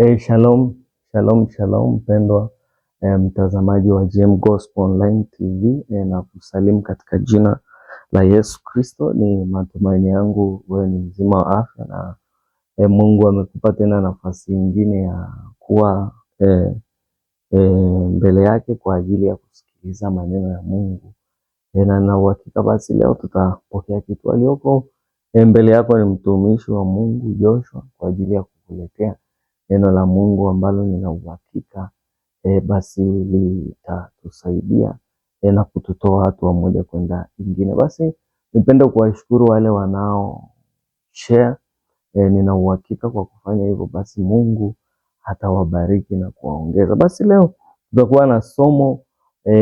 Hey, shalom, shalom, shalom mpendwa eh, mtazamaji wa GM Gospel Online TV eh, na kusalimu katika jina la Yesu Kristo. Ni matumaini yangu wewe ni mzima wa afya na eh, Mungu amekupa tena nafasi nyingine ya kuwa eh, eh, mbele yake kwa ajili ya kusikiliza maneno ya Mungu eh, na na uhakika basi leo tutapokea kitu. Aliyoko eh, mbele yako ni mtumishi wa Mungu Joshua kwa ajili ya kukuletea neno la Mungu ambalo nina uhakika e, basi litatusaidia e, na kututoa hatua moja kwenda nyingine. Basi nipende kuwashukuru wale wanao share e, nina uhakika kwa kufanya hivyo, basi Mungu atawabariki na kuwaongeza. Basi leo tutakuwa na somo e,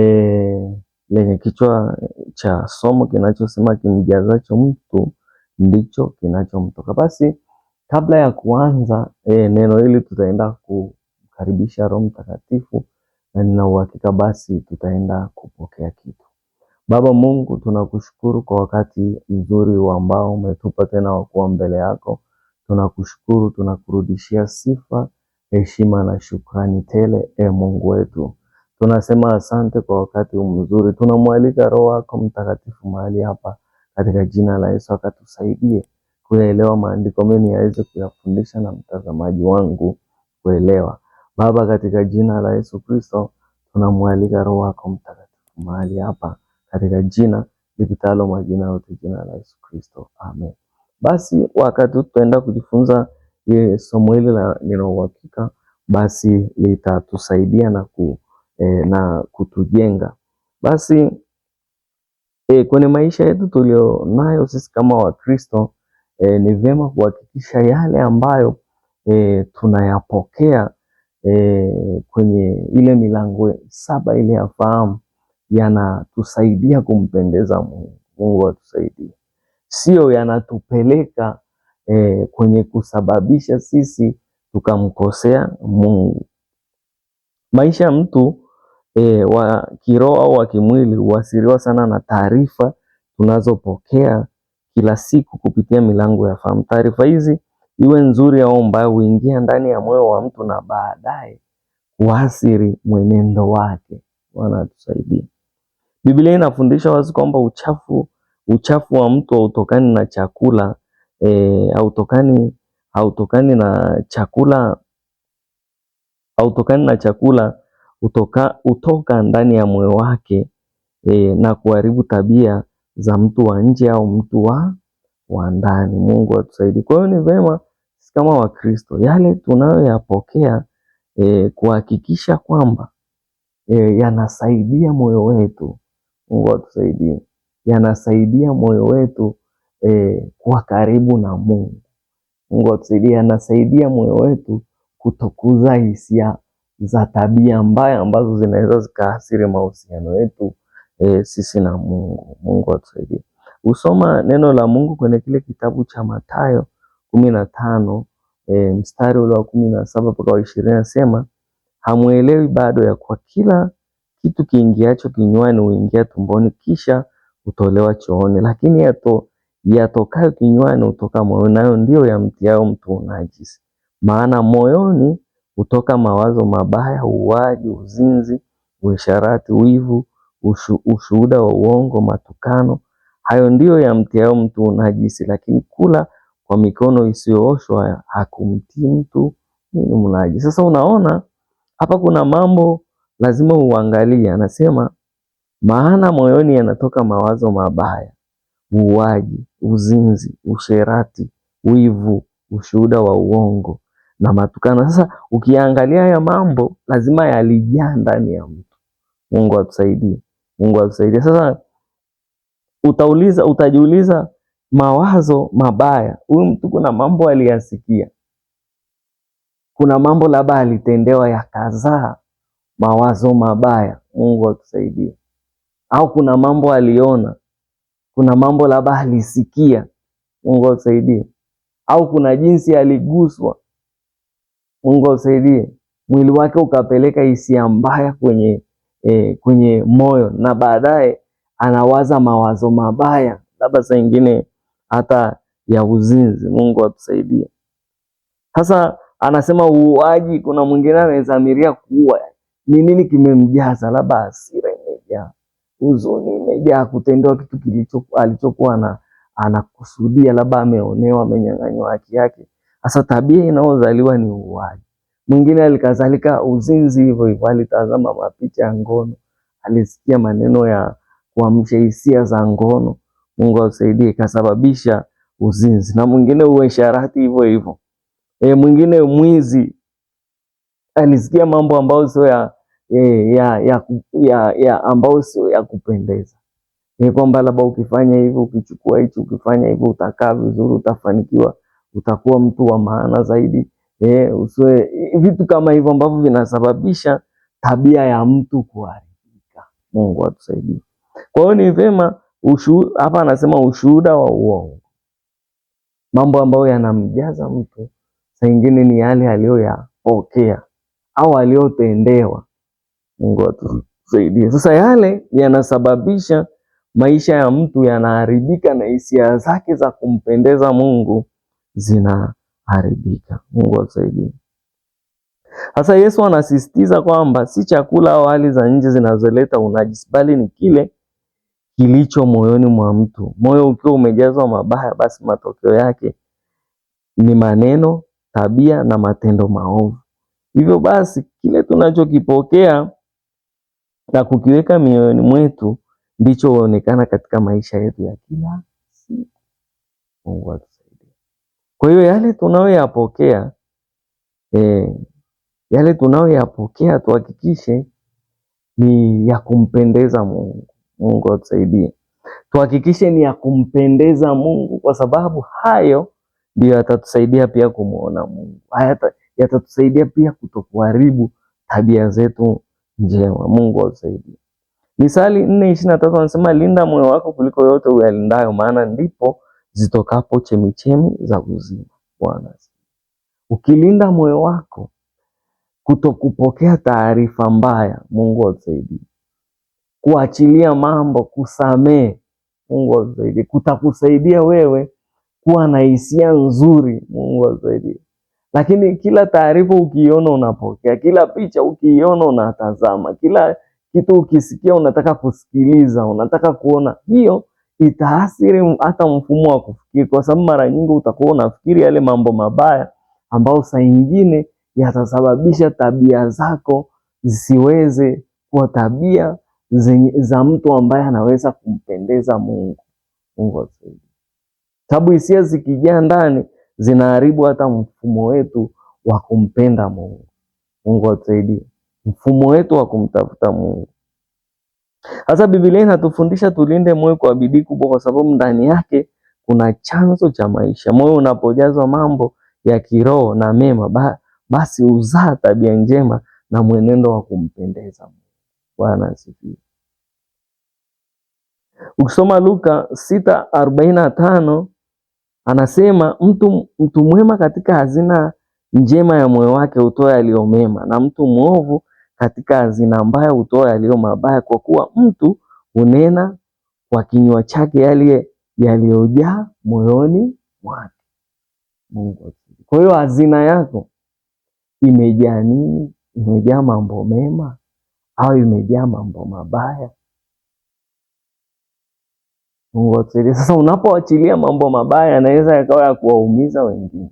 lenye kichwa cha somo kinachosema kimjazacho mtu ndicho kinachomtoka. Basi Kabla ya kuanza e, neno hili tutaenda kukaribisha Roho Mtakatifu na nina uhakika basi tutaenda kupokea kitu. Baba Mungu, tunakushukuru kwa wakati mzuri ambao umetupa tena wa kuwa mbele yako. Tunakushukuru, tunakurudishia sifa, heshima na shukrani tele, e Mungu wetu. Tunasema asante kwa wakati mzuri. Tunamwalika Roho yako Mtakatifu mahali hapa katika jina la Yesu akatusaidie kuelewa maandiko mimi niweze kuyafundisha na mtazamaji wangu kuelewa. Baba, katika jina la Yesu Kristo tunamwalika Roho yako Mtakatifu mahali hapa katika jina lipitalo majina yote, jina la Yesu Kristo, amen. Basi wakati tutaenda kujifunza somo hili la neno uhakika, basi litatusaidia na, ku, e, na kutujenga basi e, kwenye maisha yetu tulionayo sisi kama Wakristo e, ni vyema kuhakikisha yale ambayo e, tunayapokea e, kwenye ile milango saba ile ya fahamu yanatusaidia kumpendeza Mungu. Mungu atusaidie, sio yanatupeleka e, kwenye kusababisha sisi tukamkosea Mungu. Maisha ya mtu e, wa kiroho au wa kimwili huasiriwa sana na taarifa tunazopokea kila siku kupitia milango ya fahamu. Taarifa hizi iwe nzuri au mbaya, huingia ndani ya moyo wa mtu na baadaye kuathiri mwenendo wake. Bwana atusaidie. Biblia inafundisha wazi kwamba uchafu uchafu wa mtu hautokani na chakula e, hautokani hautokani na chakula hautokani na chakula utoka, utoka ndani ya moyo wake e, na kuharibu tabia za mtu wa nje au mtu wa wa ndani. Mungu atusaidie. Kwa hiyo ni vema sisi kama Wakristo yale tunayoyapokea e, kuhakikisha kwamba e, yanasaidia moyo wetu. Mungu atusaidie, yanasaidia moyo wetu e, kuwa karibu na Mungu. Mungu atusaidie, yanasaidia moyo wetu kutokuza hisia za tabia mbaya ambazo zinaweza zikaathiri mahusiano yetu e, sisi na Mungu. Mungu atusaidie. Usoma neno la Mungu kwenye kile kitabu cha Mathayo kumi na tano e, mstari ule wa kumi na saba mpaka wa ishirini nasema hamwelewi bado ya kwa kila kitu kiingiacho kinywani huingia tumboni kisha hutolewa chooni, lakini yato yatokayo kinywani hutoka moyoni, nayo ndiyo yamtiayo mtu unajisi. Maana moyoni hutoka mawazo mabaya, uuaji, uzinzi, uasherati, wivu, ushuhuda wa uongo, matukano, hayo ndiyo yamtiayo mtu unajisi, lakini kula kwa mikono isiyooshwa hakumtii mtu nini mnajisi. Sasa unaona hapa kuna mambo lazima uangalie. Anasema maana moyoni yanatoka mawazo mabaya, uuaji, uzinzi, usherati, wivu, ushuhuda wa uongo na matukano. Sasa ukiangalia haya mambo lazima yalijaa ndani ya mtu. Mungu atusaidie. Mungu akusaidie Sasa utauliza, utajiuliza mawazo mabaya, huyu mtu kuna mambo aliyasikia, kuna mambo labda alitendewa yakazaa mawazo mabaya. Mungu akusaidie Au kuna mambo aliona, kuna mambo labda alisikia. Mungu akusaidie. Au kuna jinsi aliguswa. Mungu akusaidie. Mwili wake ukapeleka hisia mbaya kwenye e, kwenye moyo na baadaye anawaza mawazo mabaya, labda saa nyingine hata ya uzinzi. Mungu atusaidie. Sasa anasema uuaji, kuna mwingine anaezamiria kuua. Ni nini kimemjaza? Labda hasira imejaa, huzuni imejaa, kutendewa kitu kilicho alichokuwa na anakusudia, labda ameonewa, amenyang'anywa haki yake. Sasa tabia inayozaliwa ni uuaji. Mwingine alikadhalika uzinzi hivyo hivyo, alitazama mapicha ya ngono, alisikia maneno ya kuamsha hisia za ngono, Mungu asaidie, ikasababisha uzinzi. Na mwingine uasherati hivyo hivyo. E, mwingine mwizi alisikia mambo ambayo sio ya, e, ya, ya, ya, ya ya ambayo sio ya kupendeza ni e, kwamba labda ukifanya hivyo ukichukua hichi ukifanya hivyo utakaa vizuri, utafanikiwa, utakuwa mtu wa maana zaidi eh, usiwe vitu kama hivyo ambavyo vinasababisha tabia ya mtu kuharibika. Mungu atusaidie. Kwa hiyo ni vema hapa anasema ushuhuda wa uongo, mambo ambayo yanamjaza mtu, saa ingine ni yale aliyoyapokea au aliyotendewa. Mungu atusaidie. Sasa yale yanasababisha maisha ya mtu yanaharibika na hisia zake za kumpendeza Mungu zina haribika. Mungu akusaidie. Sasa Yesu anasisitiza kwamba si chakula au hali za nje zinazoleta unajisi, bali ni kile kilicho moyoni mwa mtu. Moyo ukiwa umejazwa mabaya, basi matokeo yake ni maneno, tabia na matendo maovu. Hivyo basi, kile tunachokipokea na kukiweka mioyoni mwetu ndicho huonekana katika maisha yetu ya kila siku. Mungu kwa hiyo yale tunayoyapokea eh, yale tunayoyapokea tuhakikishe ni ya kumpendeza Mungu. Mungu atusaidie, tuhakikishe ni ya kumpendeza Mungu, kwa sababu hayo ndiyo yatatusaidia pia kumwona Mungu, yatatusaidia pia kutokuharibu tabia zetu njema. Mungu atusaidie. Misali nne ishirini na tatu anasema linda moyo wako kuliko yote uyalindayo, maana ndipo zitokapo chemichemi za uzima. Bwana, ukilinda moyo wako kutokupokea taarifa mbaya, Mungu akusaidie kuachilia mambo, kusamee, Mungu akusaidie, kutakusaidia wewe kuwa na hisia nzuri, Mungu akusaidie. Lakini kila taarifa ukiiona unapokea, kila picha ukiiona unatazama, kila kitu ukisikia unataka kusikiliza, unataka kuona hiyo itaathiri hata mfumo wa kufikiri, kwa sababu mara nyingi utakuwa unafikiri yale mambo mabaya ambayo saa nyingine yatasababisha tabia zako zisiweze kuwa tabia za mtu ambaye anaweza kumpendeza Mungu. Mungu asifiwe. sababu hisia zikijaa ndani zinaharibu hata mfumo wetu wa kumpenda Mungu. Mungu atusaidie, mfumo wetu wa kumtafuta Mungu. Sasa Biblia inatufundisha tulinde moyo kwa bidii kubwa, kwa sababu ndani yake kuna chanzo cha maisha. Moyo unapojazwa mambo ya kiroho na mema, basi uzaa tabia njema na mwenendo wa kumpendeza Bwana asifiwe. Ukisoma Luka 6:45 anasema mtu, mtu mwema katika hazina njema ya moyo wake hutoa yaliyo mema, na mtu mwovu katika hazina mbaya hutoa yaliyo mabaya, kwa kuwa mtu hunena kwa kinywa chake yale yaliyojaa moyoni mwake. Mungu. Kwa hiyo hazina yako imejaa nini? Imejaa mambo mema au imejaa mambo mabaya? Mungu atusaidie. Sasa unapoachilia mambo mabaya, yanaweza yakawa ya kuwaumiza wengine,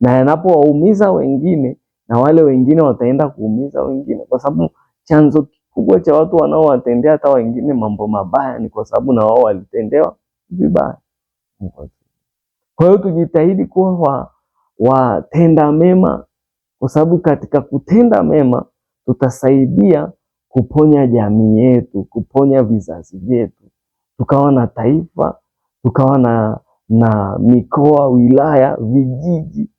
na yanapowaumiza wengine na wale wengine wataenda kuumiza wengine, kwa sababu chanzo kikubwa cha watu wanaowatendea hata wengine mambo mabaya ni kwa sababu na wao walitendewa vibaya. Kwa hiyo tujitahidi kuwa watenda mema, kwa sababu katika kutenda mema tutasaidia kuponya jamii yetu, kuponya vizazi vyetu, tukawa na taifa, tukawa na, na mikoa, wilaya, vijiji.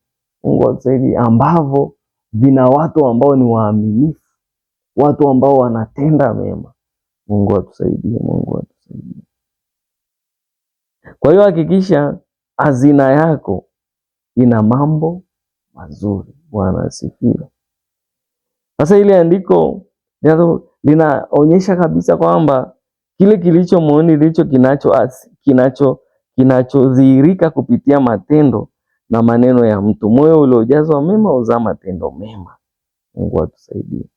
Mungu atusaidie ambavyo vina watu ambao ni waaminifu, watu ambao wanatenda mema. Mungu atusaidie, Mungu atusaidie. Kwa hiyo hakikisha hazina yako ina mambo mazuri. Bwana asifiwe. Sasa ile andiko linaonyesha kabisa kwamba kile kilicho moyoni ndicho kinacho kinachodhihirika kupitia matendo na maneno ya mtu. Moyo uliojazwa mema uzaa matendo mema. Mungu atusaidie.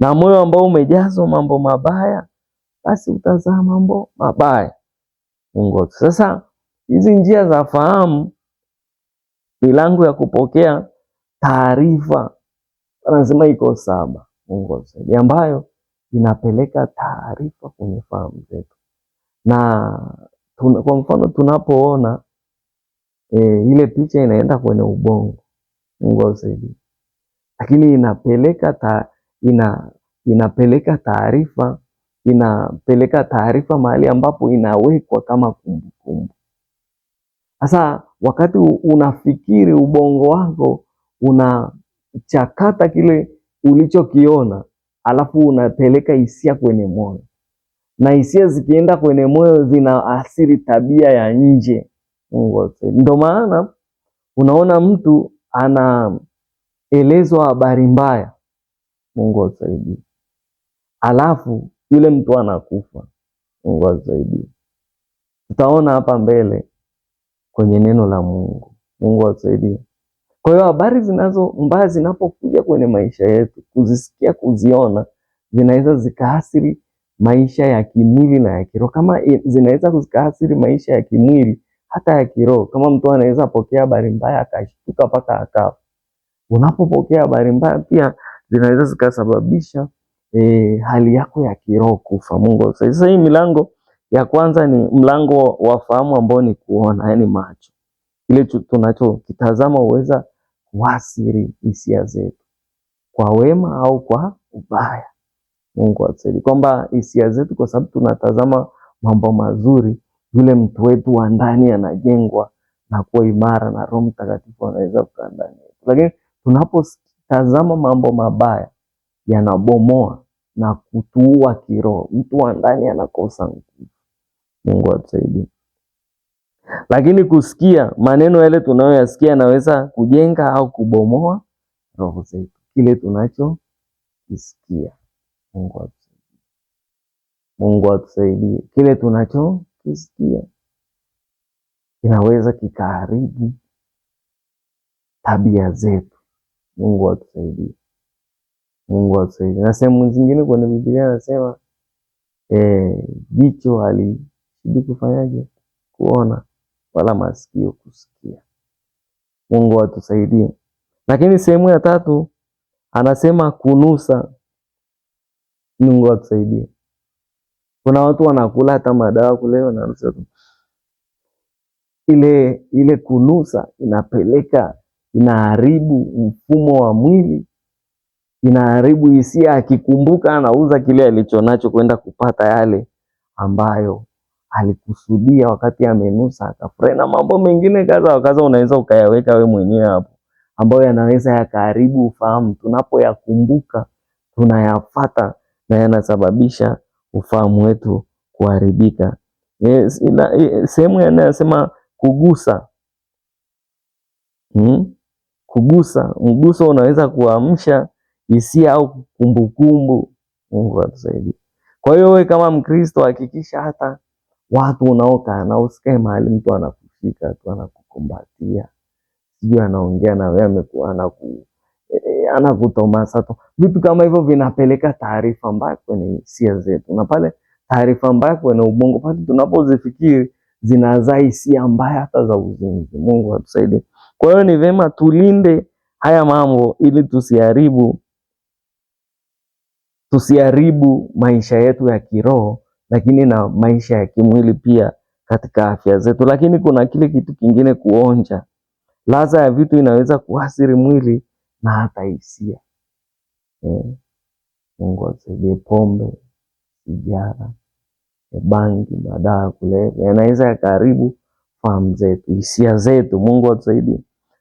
Na moyo ambao umejazwa mambo mabaya, basi utazaa mambo mabaya. Mungu atu. Sasa hizi njia za fahamu, milango ya kupokea taarifa anasema iko saba. Mungu atusaidie, ambayo inapeleka taarifa kwenye fahamu zetu na tuna, kwa mfano tunapoona e, ile picha inaenda kwenye ubongo, Mungu ausaidie, lakini inapeleka ta, ina, inapeleka taarifa inapeleka taarifa mahali ambapo inawekwa kama kumbukumbu. Sasa wakati unafikiri, ubongo wako unachakata kile ulichokiona, alafu unapeleka hisia kwenye moyo, na hisia zikienda kwenye moyo zinaathiri tabia ya nje. Mungu atusaidie. Ndio maana unaona mtu anaelezwa habari mbaya, Mungu atusaidie, alafu yule mtu anakufa, Mungu atusaidie. Tutaona hapa mbele kwenye neno la Mungu, Mungu atusaidie. Kwa hiyo habari zinazo mbaya zinapokuja kwenye maisha yetu, kuzisikia, kuziona, zinaweza zikaathiri maisha ya kimwili na ya kiroho. Kama zinaweza zikaathiri maisha ya kimwili hata ya kiroho. Kama mtu anaweza pokea habari mbaya akashtuka mpaka akafa, unapopokea habari mbaya pia zinaweza zikasababisha e, hali yako ya kiroho kufa. Mungu sasa, hii milango ya kwanza ni mlango wa fahamu ambao ni kuona, yani macho, kile tunachokitazama huweza kuathiri hisia zetu kwa wema au kwa ubaya. Mungu atusaidie kwamba hisia zetu, kwa sababu tunatazama mambo mazuri yule mtu wetu wa ndani anajengwa na kuwa imara na Roho Mtakatifu anaweza kukaa ndani yetu. Lakini tunapotazama mambo mabaya yanabomoa na kutuua kiroho, mtu wa ndani anakosa nguvu. Mungu atusaidie. Lakini kusikia maneno yale tunayoyasikia yanaweza kujenga au kubomoa roho zetu, kile tunachokisikia. Mungu atusaidie, Mungu atusaidie kile tunacho unachokisikia kinaweza kikaharibu tabia zetu. Mungu atusaidie, Mungu atusaidie. Na sehemu zingine kwenye Biblia anasema eh, jicho halishidi kufanyaje? Kuona, wala masikio kusikia. Mungu atusaidie. Lakini sehemu ya tatu anasema kunusa. Mungu atusaidie. Kuna watu wanakula hata madawa kule wananusa. Ile ile kunusa inapeleka, inaharibu mfumo wa mwili, inaharibu hisia. Akikumbuka anauza kile alichonacho kwenda kupata yale ambayo alikusudia wakati amenusa, akafurahi. Na mambo mengine kaza wakaza, unaweza ukayaweka we mwenyewe hapo, ambayo yanaweza yakaharibu ufahamu. Tunapoyakumbuka tunayafata na yanasababisha ufahamu wetu kuharibika. Eh, eh, sehemu yanayosema kugusa hmm? Kugusa, mguso unaweza kuamsha hisia au kumbukumbu. Mungu atusaidie. Kwa hiyo wewe kama Mkristo hakikisha hata watu unaokaa na usikae mahali mtu anakushika tu anakukumbatia, sijui anaongea na wewe anaku Eh, anakutomasa tu. Vitu kama hivyo vinapeleka taarifa mbaya kwenye hisia zetu, na pale taarifa mbaya kwenye ubongo pale tunapozifikiri zinazaa hisia mbaya hata za uzinzi. Mungu atusaidie. Kwa hiyo ni vema tulinde haya mambo ili tusiharibu tusiharibu maisha yetu ya kiroho, lakini na maisha ya kimwili pia katika afya zetu. Lakini kuna kile kitu kingine, kuonja. Ladha ya vitu inaweza kuathiri mwili na hata hisia eh. Mungu atusaidie. Pombe, sigara, eh, bangi, madawa ya kulevya yanaweza yakaharibu fahamu zetu, hisia zetu. Mungu atusaidie,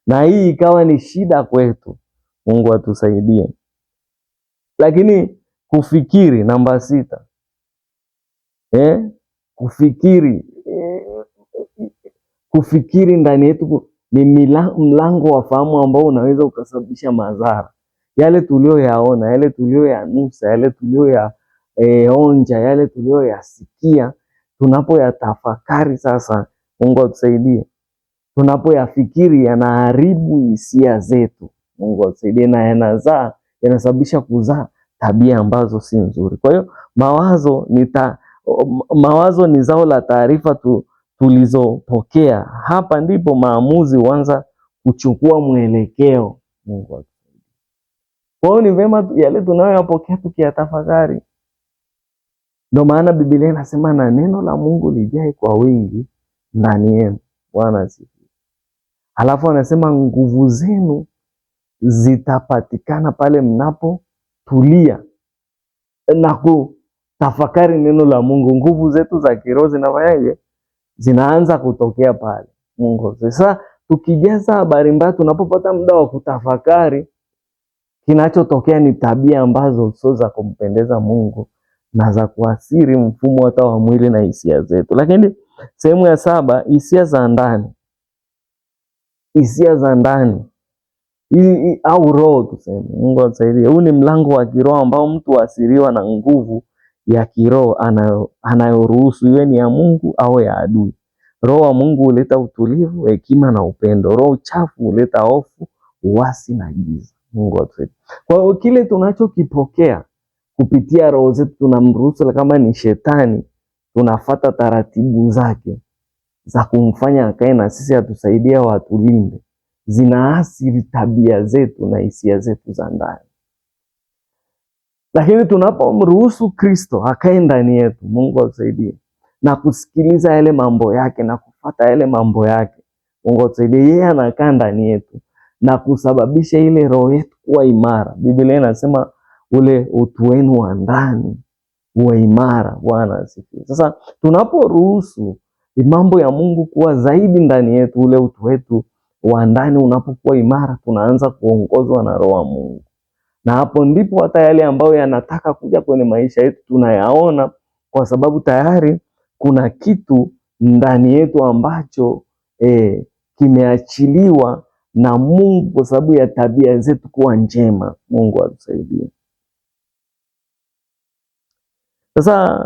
na hii ikawa ni shida kwetu. Mungu atusaidie. Lakini kufikiri, namba sita, eh? Kufikiri eh, kufikiri ndani yetu ni mlango wa fahamu ambao unaweza ukasababisha madhara. Yale yaona yale tulioyanusa, yale tulioyaonja, yale tulioyasikia, tunapoyatafakari sasa, Mungu atusaidie, tunapoyafikiri yanaharibu hisia zetu. Mungu atusaidie, na yanazaa, yanasababisha kuzaa tabia ambazo si nzuri. Kwa hiyo mawazo ni ta, mawazo ni zao la taarifa tu tulizopokea. Hapa ndipo maamuzi huanza kuchukua mwelekeo. Mungu akusaidie. Kwa hiyo ni vema yale tunayoyapokea tukiyatafakari. Ndio maana Biblia inasema na neno la Mungu lijae kwa wingi ndani yenu. Bwana asifiwe. Alafu anasema nguvu zenu zitapatikana pale mnapotulia na kutafakari neno la Mungu. Nguvu zetu za kiroho zinafanyaje? zinaanza kutokea pale mwongozo. Sasa tukijaza habari mbaya, tunapopata muda wa kutafakari, kinachotokea ni tabia ambazo sio za kumpendeza Mungu na za kuathiri mfumo hata wa mwili na hisia zetu. Lakini sehemu ya saba, hisia za ndani, hisia za ndani hii au roho tuseme. Mungu atusaidie. Huu ni mlango wa kiroho ambao mtu huathiriwa na nguvu ya kiroho anayoruhusu iwe ni ya Mungu au ya adui. Roho wa Mungu huleta utulivu, hekima na upendo. Roho chafu huleta hofu, uasi na giza. Mungu atusaidie. Kwa hiyo kile tunachokipokea kupitia roho zetu tunamruhusu, kama ni shetani tunafata taratibu zake za kumfanya akae na sisi, atusaidia au atulinde. Zinaasiri tabia zetu na hisia zetu za ndani. Lakini tunapomruhusu Kristo akae ndani yetu, Mungu atusaidie na kusikiliza yale mambo yake na kufata yale mambo yake. Mungu atusaidie, yeye anakaa ndani yetu na kusababisha ile roho yetu kuwa imara. Biblia inasema ule utu wenu wa ndani uwe imara. Bwana asifiwe. Sasa tunaporuhusu mambo ya Mungu kuwa zaidi ndani yetu, ule utu wetu wa ndani unapokuwa imara, tunaanza kuongozwa na roho wa Mungu na hapo ndipo hata yale ambayo yanataka kuja kwenye maisha yetu tunayaona, kwa sababu tayari kuna kitu ndani yetu ambacho e, kimeachiliwa na Mungu kwa sababu ya tabia zetu kuwa njema. Mungu atusaidie. Sasa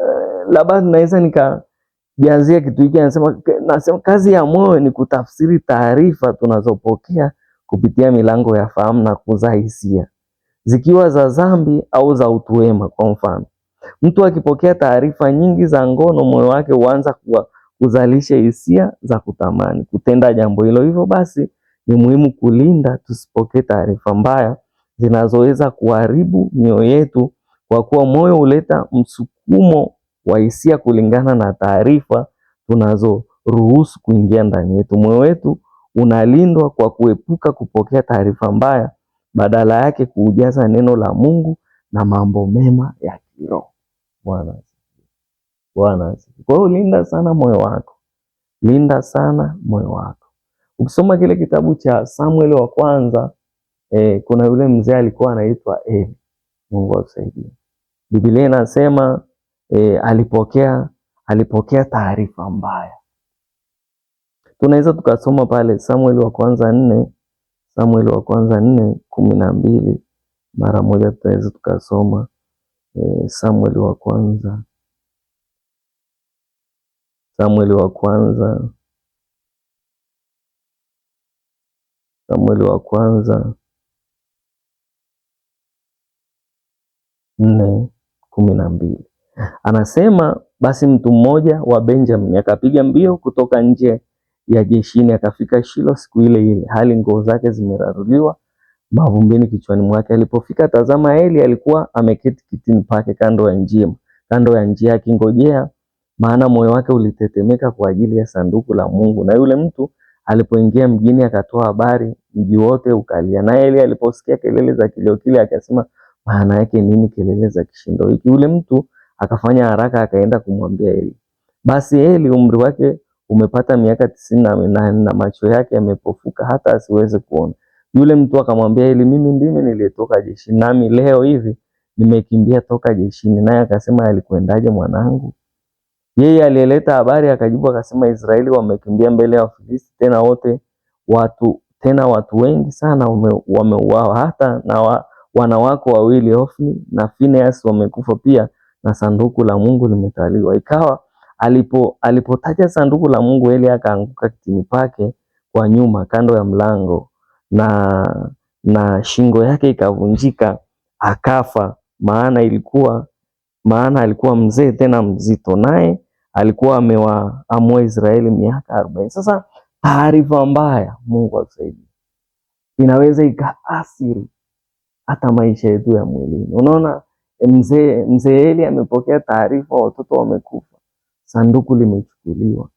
eh, labda naweza nikajazia kitu hiki, anasema nasema kazi ya moyo ni kutafsiri taarifa tunazopokea kupitia milango ya fahamu na kuzaa hisia, zikiwa za dhambi au za utu wema. Kwa mfano, mtu akipokea taarifa nyingi za ngono, moyo wake huanza kuzalisha hisia za kutamani kutenda jambo hilo. Hivyo basi, ni muhimu kulinda tusipokee taarifa mbaya zinazoweza kuharibu mioyo yetu, kwa kuwa moyo huleta msukumo wa hisia kulingana na taarifa tunazoruhusu kuingia ndani yetu. Moyo wetu unalindwa kwa kuepuka kupokea taarifa mbaya, badala yake kuujaza neno la Mungu na mambo mema ya kiroho. Bwana Bwana Kwa hiyo linda sana moyo wako, linda sana moyo wako. Ukisoma kile kitabu cha Samueli wa kwanza eh, kuna yule mzee alikuwa anaitwa Eli. Mungu akusaidie. Biblia inasema eh, alipokea alipokea taarifa mbaya tunaweza tukasoma pale Samueli wa kwanza nne Samueli wa kwanza nne kumi na mbili mara moja tunaweza tukasoma e, Samueli wa kwanza Samueli wa kwanza Samueli wa kwanza nne kumi na mbili anasema basi mtu mmoja wa benjamin akapiga mbio kutoka nje ya jeshini. Akafika Shilo siku ile ile, hali nguo zake zimeraruliwa mavumbini kichwani mwake. Alipofika tazama, Eli alikuwa ameketi kitini pake kando ya njia, kando ya njia akingojea, maana moyo wake ulitetemeka kwa ajili ya sanduku la Mungu. Na yule mtu alipoingia mjini, akatoa habari, mji wote ukalia. Na Eli aliposikia kelele za kilio kile, akasema, maana yake nini kelele za kishindo hiki? Yule mtu akafanya haraka akaenda kumwambia Eli. Basi Eli umri wake umepata miaka tisini na minane na macho yake yamepofuka hata asiweze kuona. Yule mtu akamwambia, ili mimi ndimi niliyetoka jeshini, nami leo hivi nimekimbia toka jeshini. Naye akasema, alikuendaje mwanangu? Yeye alieleta habari akajibu akasema, Israeli wamekimbia mbele ya Wafilisti, tena wote watu tena watu wengi sana wameuawa, wame hata na wa, wanawako wawili Hofni na Finehasi wamekufa pia, na sanduku la Mungu limetaliwa. Ikawa Alipo alipotaja sanduku la Mungu, Eli akaanguka kitini pake kwa nyuma kando ya mlango na, na shingo yake ikavunjika akafa, maana ilikuwa maana alikuwa mzee tena mzito, naye alikuwa amewaamua Israeli miaka arobaini. Sasa taarifa mbaya, Mungu akusaidie, inaweza ikaathiri hata maisha yetu ya mwilini. Unaona, mzee mzee Eli amepokea taarifa watoto wamekufa sanduku limechukuliwa.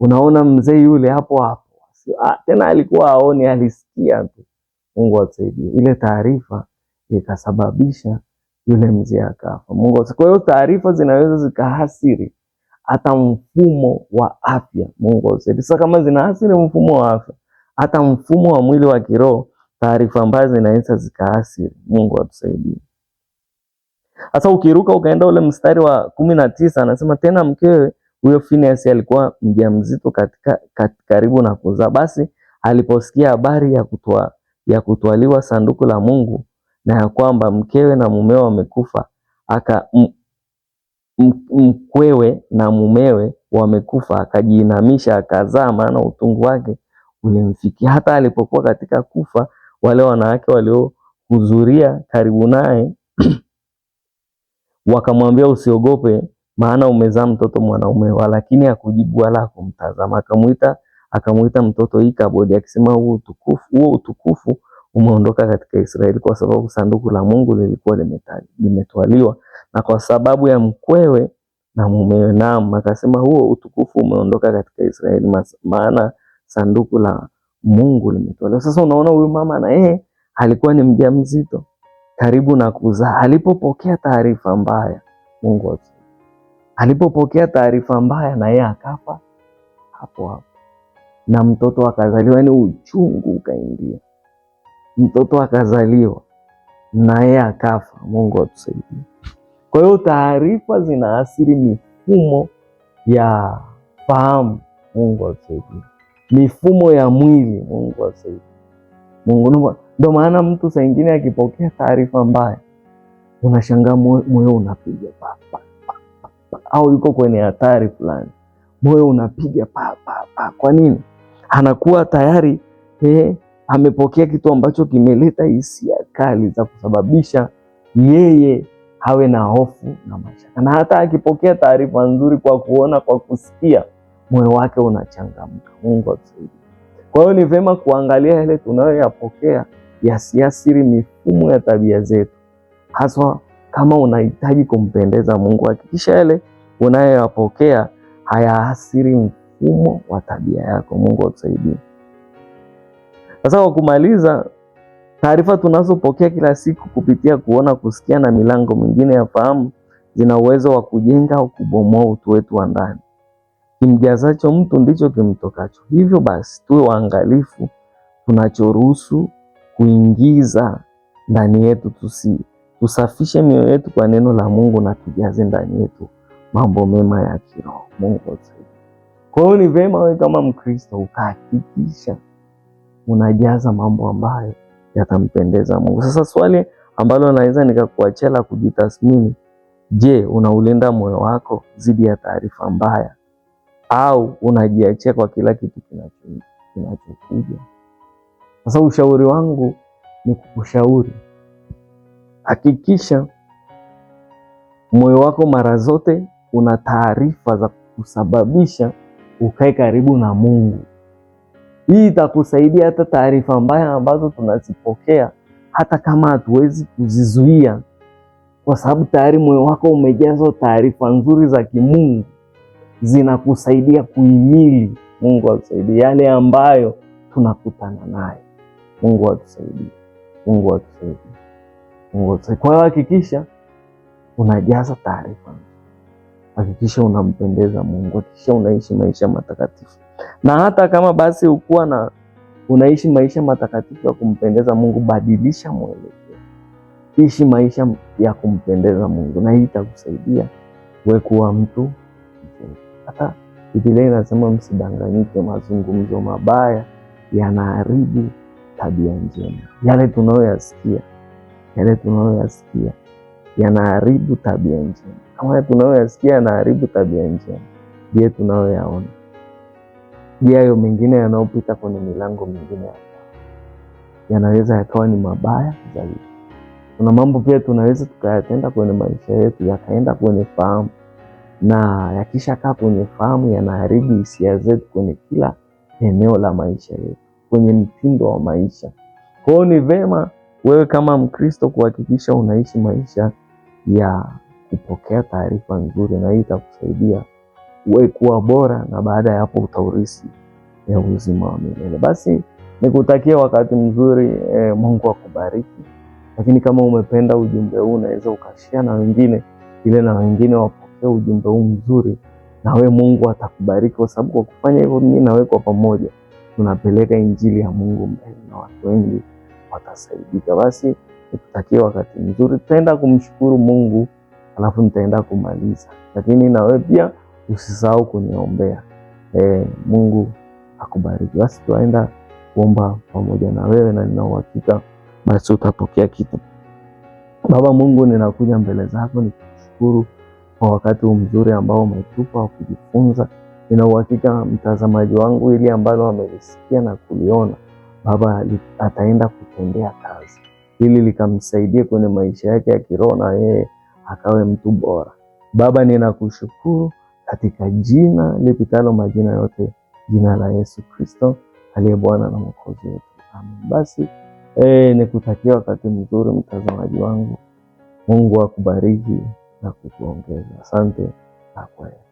Unaona mzee yule hapo hapo ah, tena alikuwa aone, alisikia tu. Mungu atusaidie. Ile taarifa ikasababisha yule mzee akafa. Mungu atusaidie. Kwa hiyo taarifa zinaweza zikaathiri hata mfumo wa afya. Mungu atusaidie. Sasa kama zinaathiri mfumo wa afya, hata mfumo wa mwili wa kiroho, taarifa ambazo zinaweza zikaathiri. Mungu atusaidie. Sasa ukiruka ukaenda ule mstari wa kumi na tisa anasema tena mkewe huyo Phineas alikuwa mjamzito katika, katika karibu na kuzaa. Basi aliposikia habari ya kutwa, ya kutwaliwa sanduku la Mungu na ya kwamba mkewe na mumewe wamekufa aka mkwewe na mumewe wamekufa, akajiinamisha akazaa, maana utungu wake ulimfikia. Hata alipokuwa katika kufa, wale wanawake waliohudhuria karibu naye wakamwambia, usiogope maana umezaa mtoto mwanaume, walakini hakujibu wala hakumtazama. Akamuita akamuita mtoto Ikabodi, akisema huo utukufu huo utukufu umeondoka katika Israeli, kwa sababu sanduku la Mungu lilikuwa limetwaliwa na kwa sababu ya mkwewe na mumewe. Naam, akasema huo utukufu umeondoka katika Israeli, maana sanduku la Mungu limetwaliwa. Sasa unaona huyu mama na yeye alikuwa ni mjamzito karibu na kuzaa, alipopokea taarifa mbaya Mungu Alipopokea taarifa mbaya, na yeye akafa hapo hapo, na mtoto akazaliwa. Yani uchungu ukaingia, mtoto akazaliwa na yeye akafa. Mungu atusaidie. Kwa hiyo taarifa zinaathiri mifumo ya fahamu. Mungu atusaidie, mifumo ya mwili. Mungu atusaidie. Mungu ndo maana mtu saa ingine akipokea taarifa mbaya, unashangaa moyo unapiga pa au yuko kwenye hatari fulani, moyo unapiga pa pa pa. Kwa nini? Anakuwa tayari he, amepokea kitu ambacho kimeleta hisia kali za kusababisha yeye hawe na hofu na mashaka, na hata akipokea taarifa nzuri kwa kuona, kwa kusikia, moyo wake unachangamka. Mungu atusaidie. Kwa hiyo ni vema kuangalia yale tunayoyapokea yasiasiri mifumo ya tabia zetu, haswa kama unahitaji kumpendeza Mungu, hakikisha yale unayoyapokea hayaathiri mfumo wa tabia yako. Mungu akusaidie. Sasa kwa kumaliza, taarifa tunazopokea kila siku kupitia kuona, kusikia na milango mingine ya fahamu zina uwezo wa kujenga au kubomoa utu wetu wa ndani. Kimjazacho mtu ndicho kimtokacho. Hivyo basi, tuwe waangalifu tunachoruhusu kuingiza ndani yetu, tusi tusafishe mioyo yetu kwa neno la Mungu na tujaze ndani yetu mambo mema ya kiroho. Mungu atusaidie. Kwa hiyo ni vema wewe kama Mkristo ukahakikisha unajaza mambo ambayo yatampendeza Mungu. Sasa swali ambalo naweza nikakuachia la kujitathmini, je, unaulinda moyo wako dhidi ya taarifa mbaya au unajiachia kwa kila kitu kinachokuja? Sasa ushauri wangu ni kukushauri, hakikisha moyo wako mara zote kuna taarifa za kusababisha ukae karibu na Mungu. Hii itakusaidia hata taarifa mbaya ambazo tunazipokea, hata kama hatuwezi kuzizuia, kwa sababu tayari moyo wako umejazwa taarifa nzuri za kimungu, zinakusaidia kuhimili. Mungu atusaidie yale ambayo tunakutana nayo. Mungu atusaidie, Mungu atusaidie, Mungu atusaidie. Kwa hiyo hakikisha unajaza taarifa hakikisha unampendeza Mungu, hakikisha unaishi maisha matakatifu, na hata kama basi ukuwa na unaishi maisha matakatifu ya kumpendeza Mungu, badilisha mwelekeo, ishi maisha ya kumpendeza Mungu, na hii itakusaidia we kuwa mtu hata Biblia inasema msidanganyike, mazungumzo mabaya yanaharibu tabia njema. Yale tunayoyasikia yale tunayoyasikia yanaharibu tabia njema. Haya tunayoyasikia yanaharibu tabia njema. Je, tunayoyaona? Je, hayo mengine yanayopita kwenye milango mingine ya yanaweza yakawa ni mabaya zaidi. Kuna mambo pia tunaweza tukayatenda kwenye maisha yetu yakaenda kwenye fahamu, na yakishakaa kwenye fahamu yanaharibu hisia zetu kwenye kila eneo la maisha yetu, kwenye mtindo wa maisha. Kwa hiyo ni vema wewe kama Mkristo kuhakikisha unaishi maisha ya kupokea taarifa nzuri, na hii itakusaidia uwe kuwa bora, na baada ya hapo utaurisi ya uzima wa milele. Basi nikutakia wakati mzuri eh, Mungu akubariki. Lakini kama umependa ujumbe huu, unaweza ukashia na wengine ile, na wengine wapokee ujumbe huu mzuri, na we Mungu atakubariki, kwa sababu kwa kufanya hivyo mimi nawe kwa pamoja tunapeleka injili ya Mungu mbele na watu wengi watasaidika. Basi nikutakia wakati mzuri, tutaenda kumshukuru Mungu alafu nitaenda kumaliza. Lakini nawe pia usisahau kuniombea. E, Mungu akubariki. Basi tuenda kuomba pamoja na wewe, na nina uhakika basi utapokea kitu. Baba Mungu, ninakuja mbele zako nikushukuru kwa wakati mzuri ambao umetupa wa kujifunza. Nina uhakika mtazamaji wangu ili ambalo amelisikia na kuliona Baba ataenda kutendea kazi ili likamsaidie kwenye maisha yake ya kiroho na yeye akawe mtu bora. Baba, ninakushukuru katika jina lipitalo majina yote, jina la Yesu Kristo aliye Bwana na Mwokozi wetu, amen. Basi eh, nikutakia wakati mzuri mtazamaji wangu. Mungu akubariki na kukuongeza. Asante na kwaheri.